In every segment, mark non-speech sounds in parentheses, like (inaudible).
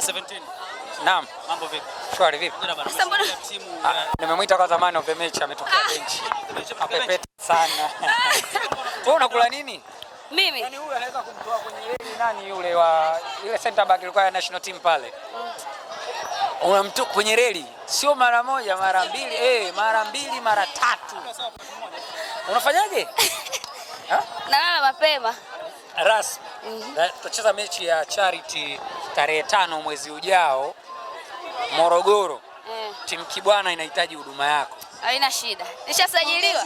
17. Naam. Mambo vipi? Shwari vipi? Ah, nimemwita kwanza man of the match ametokea ah. benchi. Amepepeta sana. (laughs) Wewe unakula nini? Mimi. Yaani huyu anaweza kumtoa kwenye yeye nani yule wa ile center back ilikuwa ya national team pale. Mm. Unamtu kwenye reli sio mara moja, mara mbili, eh, mara mbili, mara tatu. Unafanyaje? Ha? (laughs) Nalala mapema. Rasmi mm -hmm. Tutacheza mechi ya charity tarehe tano mwezi ujao Morogoro mm. Timu Kibwana inahitaji huduma yako. Haina shida, nishasajiliwa.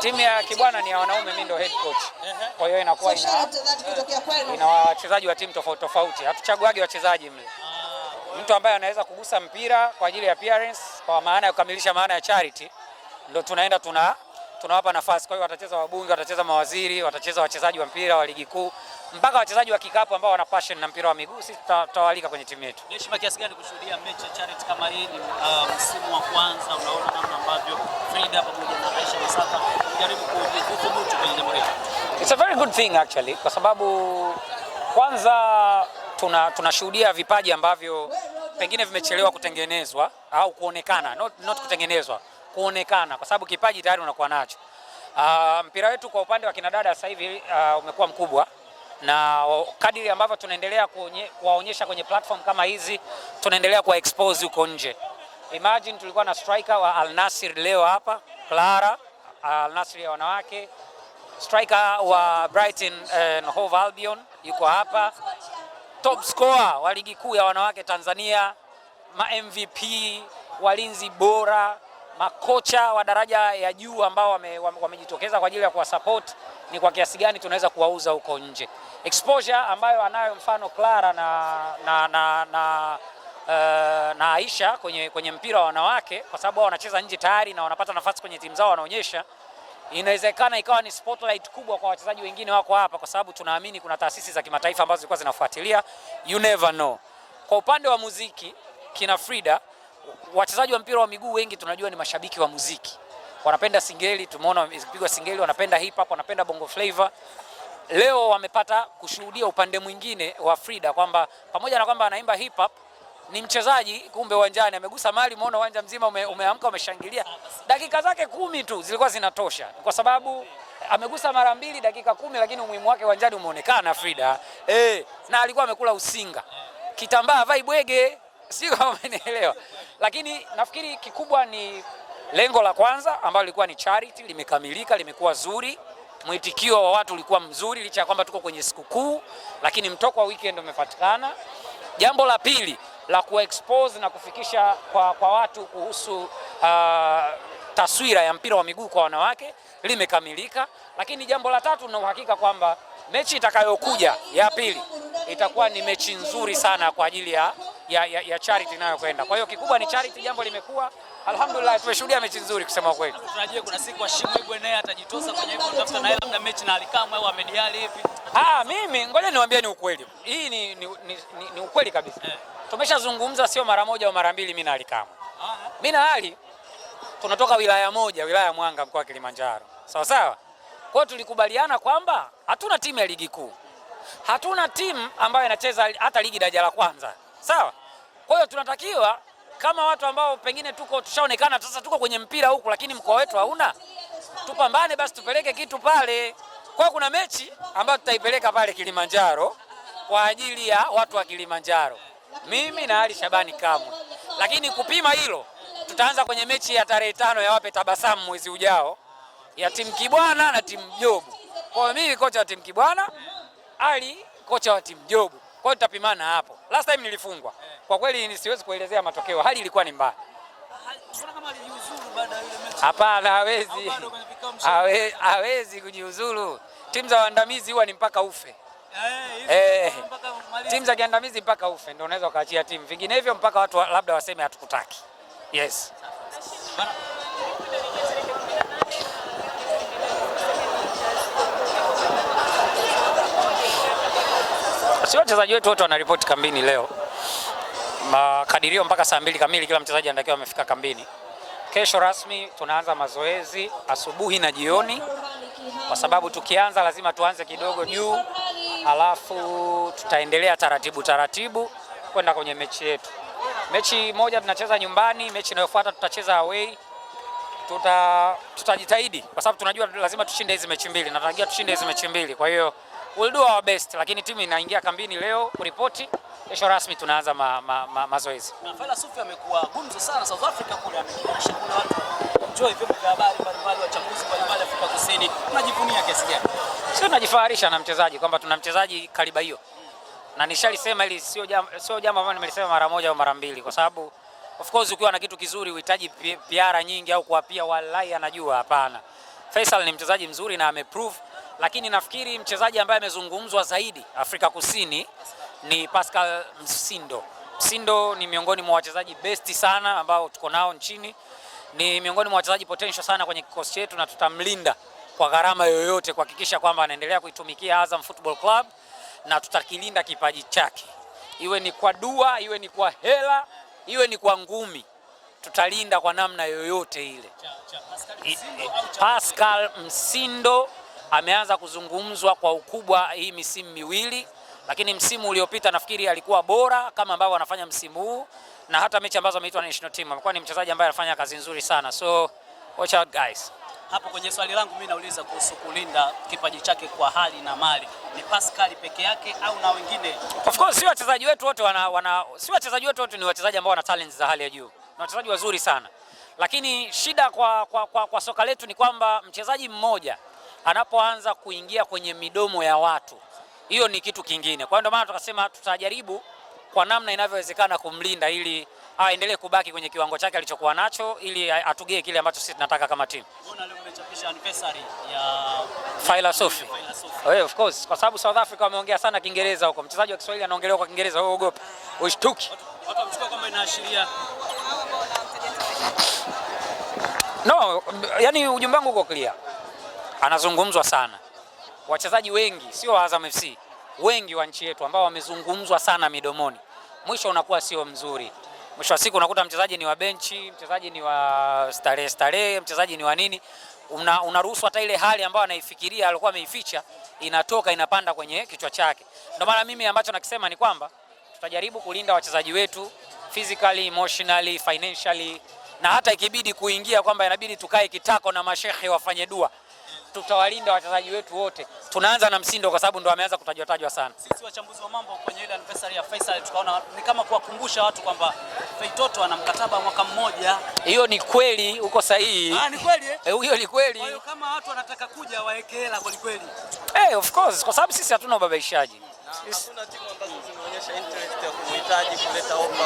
Timu ya Kibwana ni ya wanaume, mimi ndo head coach. Uh-huh. Kwa hiyo inakuwa ina wachezaji wa timu tofauti tofauti, hatuchaguagi wachezaji mle ah. mtu ambaye anaweza kugusa mpira kwa ajili ya appearance, kwa maana ya kukamilisha maana ya charity, ndo tunaenda tuna tunawapa nafasi. Kwa hiyo watacheza wabunge, watacheza mawaziri, watacheza wachezaji wa mpira wa ligi kuu, mpaka wachezaji wa kikapu ambao wana passion na mpira wa miguu, sisi tutawalika kwenye timu yetu. Ni heshima kiasi gani kushuhudia mechi ya Charity kama hii? Uh, ah, msimu wa kwanza, unaona namna ambavyo Frida pamoja na Aisha Masaka jaribu kujithubutu kwenye jambo hili. It's a very good thing actually, kwa sababu kwanza tuna tunashuhudia vipaji ambavyo pengine vimechelewa kutengenezwa au kuonekana, not, not kutengenezwa kuonekana, kwa sababu kipaji tayari unakuwa nacho. Uh, mpira wetu kwa upande wa kinadada sasa hivi uh, umekuwa mkubwa na kadiri ambavyo tunaendelea kuwaonyesha kwenye platform kama hizi, tunaendelea kuwa expose huko nje. Imagine tulikuwa na striker wa Al Nassr leo hapa Clara, Al Nassr ya wanawake, striker wa Brighton eh, Hove Albion yuko hapa, top scorer wa ligi kuu ya wanawake Tanzania, ma MVP, walinzi bora makocha wa daraja ya juu ambao wamejitokeza wame kwa ajili ya kuwasapoti ni kwa kiasi gani tunaweza kuwauza huko nje. Exposure ambayo anayo mfano Clara na, na, na, na, uh, na Aisha kwenye, kwenye mpira wa wanawake, kwa sababu wanacheza nje tayari na wanapata nafasi kwenye timu zao wanaonyesha inawezekana ikawa ni spotlight kubwa kwa wachezaji wengine wako hapa, kwa sababu tunaamini kuna taasisi za kimataifa ambazo zilikuwa zinafuatilia. You never know. Kwa upande wa muziki, kina Frida wachezaji wa mpira wa miguu wengi tunajua ni mashabiki wa muziki, wanapenda singeli, tumeona pigwa singeli, wanapenda hip hop, wanapenda bongo flavor. Leo wamepata kushuhudia upande mwingine wa Frida kwamba pamoja na kwamba anaimba hip hop ni mchezaji, kumbe uwanjani amegusa mali. Umeona uwanja mzima ume, umeamka umeshangilia. Dakika zake kumi tu zilikuwa zinatosha, kwa sababu amegusa mara mbili dakika kumi, lakini umuhimu wake uwanjani umeonekana Frida eh, na alikuwa amekula usinga kitambaa vai bwege, sio? Umenielewa? lakini nafikiri kikubwa ni lengo la kwanza ambalo lilikuwa ni charity limekamilika, limekuwa zuri. Mwitikio wa watu ulikuwa mzuri, licha ya kwamba tuko kwenye sikukuu, lakini mtoko wa weekend umepatikana. Jambo la pili la kuwa expose na kufikisha kwa, kwa watu kuhusu uh, taswira ya mpira wa miguu kwa wanawake limekamilika, lakini jambo la tatu na uhakika kwamba mechi itakayokuja ya pili itakuwa ni mechi nzuri sana kwa ajili ya ya, ya, ya charity inayokwenda. Kwa hiyo kikubwa ni charity, jambo limekuwa alhamdulillah, tumeshuhudia mechi nzuri kusema kweli. Tunajua kuna siku Ibwe naye atajitosa kwenye hiyo kutafuta naye labda mechi na Alikamwe au Ahmed Ally hivi. Ah, mimi ngoja niwaambie ni ukweli, hii ni, ni, ni, ni, ni ukweli kabisa eh. Tumeshazungumza sio mara moja au mara mbili, mimi na Alikamwe ah, eh. Mimi na Ali tunatoka wilaya moja, wilaya ya Mwanga, mkoa wa Kilimanjaro, sawa sawa. Kwa tulikubaliana kwamba hatuna timu ya ligi kuu, hatuna timu ambayo inacheza hata ligi daraja la kwanza, sawa kwa hiyo tunatakiwa kama watu ambao pengine tuko tushaonekana sasa tuko kwenye mpira huku, lakini mkoa wetu hauna, tupambane basi tupeleke kitu pale. Kwa kuna mechi ambayo tutaipeleka pale Kilimanjaro kwa ajili ya watu wa Kilimanjaro, mimi na Ali Shabani Kamwe. Lakini kupima hilo, tutaanza kwenye mechi ya tarehe tano ya wape tabasamu mwezi ujao ya timu Kibwana na timu Jobu. Kwa mimi kocha wa timu Kibwana, Ali kocha wa timu Jobu. Kwa hiyo tutapimana hapo. Last time nilifungwa. Kwa kweli siwezi kuelezea matokeo, hali ilikuwa ni mbaya. Hapana, hawezi hawezi kujiuzuru. Timu za waandamizi huwa ni mpaka ufe eh, eh timu za kiandamizi mpaka ufe ndio unaweza ukaachia timu, vinginevyo mpaka watu labda waseme hatukutaki. Yes. Si wachezaji wetu wote wanaripoti kambini leo makadirio mpaka saa mbili kamili kila mchezaji anatakiwa amefika kambini. Kesho rasmi tunaanza mazoezi asubuhi na jioni, kwa sababu tukianza lazima tuanze kidogo juu, alafu tutaendelea taratibu taratibu kwenda kwenye mechi yetu. Mechi moja tunacheza nyumbani, mechi inayofuata tutacheza away. Tuta tutajitahidi kwa sababu tunajua lazima tushinde hizi mechi mbili na tushinde hizi mechi mbili, kwa hiyo we'll do our best, lakini timu inaingia kambini leo kuripoti, kesho rasmi tunaanza ma, ma, ma, mazoezi. Na Fela Sufi amekuwa gumzo sana South Africa kule, amekisha kuna watu enjoy vipi vya habari mbalimbali, wachambuzi mbalimbali Afrika Kusini. Unajivunia kiasi gani? Sio, najifaharisha na mchezaji kwamba tuna mchezaji kaliba hiyo, na nishalisema ili sio jambo sio jambo ambalo nimelisema mara moja au mara mbili, kwa sababu of course ukiwa na kitu kizuri uhitaji piara nyingi au kuapia, wallahi anajua hapana. Faisal ni mchezaji mzuri na ameprove lakini nafikiri mchezaji ambaye amezungumzwa zaidi Afrika Kusini ni Pascal Msindo. Msindo ni miongoni mwa wachezaji besti sana ambao tuko nao nchini, ni miongoni mwa wachezaji potential sana kwenye kikosi chetu, na tutamlinda kwa gharama yoyote kuhakikisha kwamba anaendelea kuitumikia Azam Football Club na tutakilinda kipaji chake, iwe ni kwa dua, iwe ni kwa hela, iwe ni kwa ngumi, tutalinda kwa namna yoyote ile. Eh, Pascal Msindo ameanza kuzungumzwa kwa ukubwa hii misimu miwili, lakini msimu uliopita nafikiri alikuwa bora kama ambavyo anafanya msimu huu, na hata mechi ambazo ameitwa national team amekuwa ni mchezaji ambaye anafanya kazi nzuri sana, so watch out guys. Hapo kwenye swali langu mimi nauliza kuhusu kulinda kipaji chake kwa hali na mali, ni Pascal peke yake au na wengine? Of course si wachezaji wetu wote wana, wana si wachezaji wetu wote ni wachezaji ambao wana talents za hali ya juu na wachezaji wazuri sana, lakini shida kwa, kwa, kwa, kwa soka letu ni kwamba mchezaji mmoja anapoanza kuingia kwenye midomo ya watu, hiyo ni kitu kingine. Kwa hiyo ndio maana tukasema tutajaribu kwa namna inavyowezekana kumlinda ili aendelee kubaki kwenye kiwango chake alichokuwa nacho ili atugee kile ambacho sisi tunataka kama timu. Mbona leo mmechapisha anniversary ya Philosophy? Oh, of course, kwa sababu South Africa wameongea sana Kiingereza huko. Mchezaji wa Kiswahili anaongelewa kwa Kiingereza, wewe ogopa. Ushtuki. kama inaashiria No, yani ujumbe wangu uko clear anazungumzwa sana. Wachezaji wengi sio wa Azam FC, wengi wa nchi yetu ambao wamezungumzwa sana midomoni, mwisho unakuwa sio mzuri. Mwisho wa siku unakuta mchezaji ni wa benchi, mchezaji ni wa starehe starehe, mchezaji ni wa nini, unaruhusu una hata ile hali ambayo anaifikiria alikuwa ameificha inatoka inapanda kwenye kichwa chake. Ndio maana mimi ambacho nakisema ni kwamba tutajaribu kulinda wachezaji wetu physically, emotionally, financially na hata ikibidi kuingia kwamba inabidi tukae kitako na mashehe wafanye dua tutawalinda wachezaji wetu wote. Tunaanza na Msindo kwa sababu ndo ameanza kutajwa tajwa sana. Sisi wachambuzi wa mambo kwenye ile anniversary ya Faisal tukaona ni kama kuwakumbusha watu kwamba Feitoto ana mkataba mwaka mmoja. Hiyo ni kweli, uko sahihi. Ah, ni kweli eh? Hiyo eh, ni kweli. Kwa hiyo kama watu wanataka kuja waeke hela kwa kweli. Eh, hey, of course kwa sababu sisi hatuna ubabaishaji. Hakuna timu ambazo zimeonyesha interest ya kumhitaji kuleta omba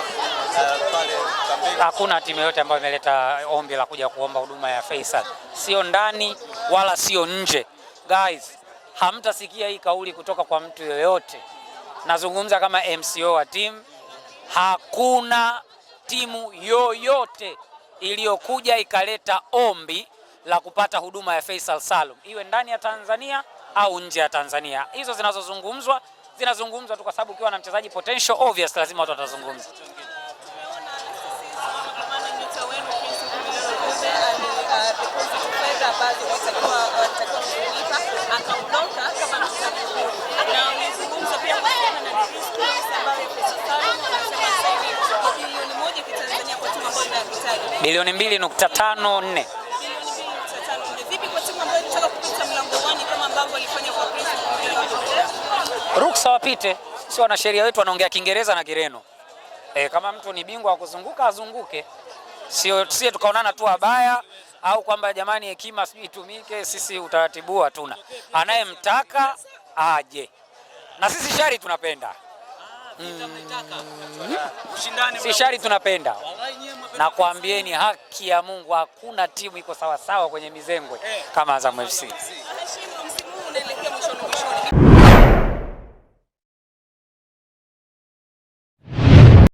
eh, pale kampeni. Hakuna timu yoyote ambayo imeleta ombi la kuja kuomba huduma ya Faisal. Sio ndani wala sio nje. Guys, hamtasikia hii kauli kutoka kwa mtu yoyote. Nazungumza kama MCO wa timu. Hakuna timu yoyote iliyokuja ikaleta ombi la kupata huduma ya Faisal Salum iwe ndani ya Tanzania au nje ya Tanzania. Hizo zinazozungumzwa zinazungumzwa tu kwa sababu ukiwa na mchezaji potential obvious lazima watu watazungumza. bilioni bilioni mbili nukta tano nne ruksa wapite, si wanasheria wetu wanaongea Kiingereza na Kireno. E, kama mtu ni bingwa wa kuzunguka azunguke, sio sie tukaonana tu wabaya au kwamba jamani, hekima sijui itumike. Sisi utaratibu hatuna, anayemtaka aje, na sisi shari tunapenda Mm. Si shari tunapenda, nakwambieni haki ya Mungu, hakuna timu iko sawasawa kwenye mizengwe eh. kama Azam FC. Eh.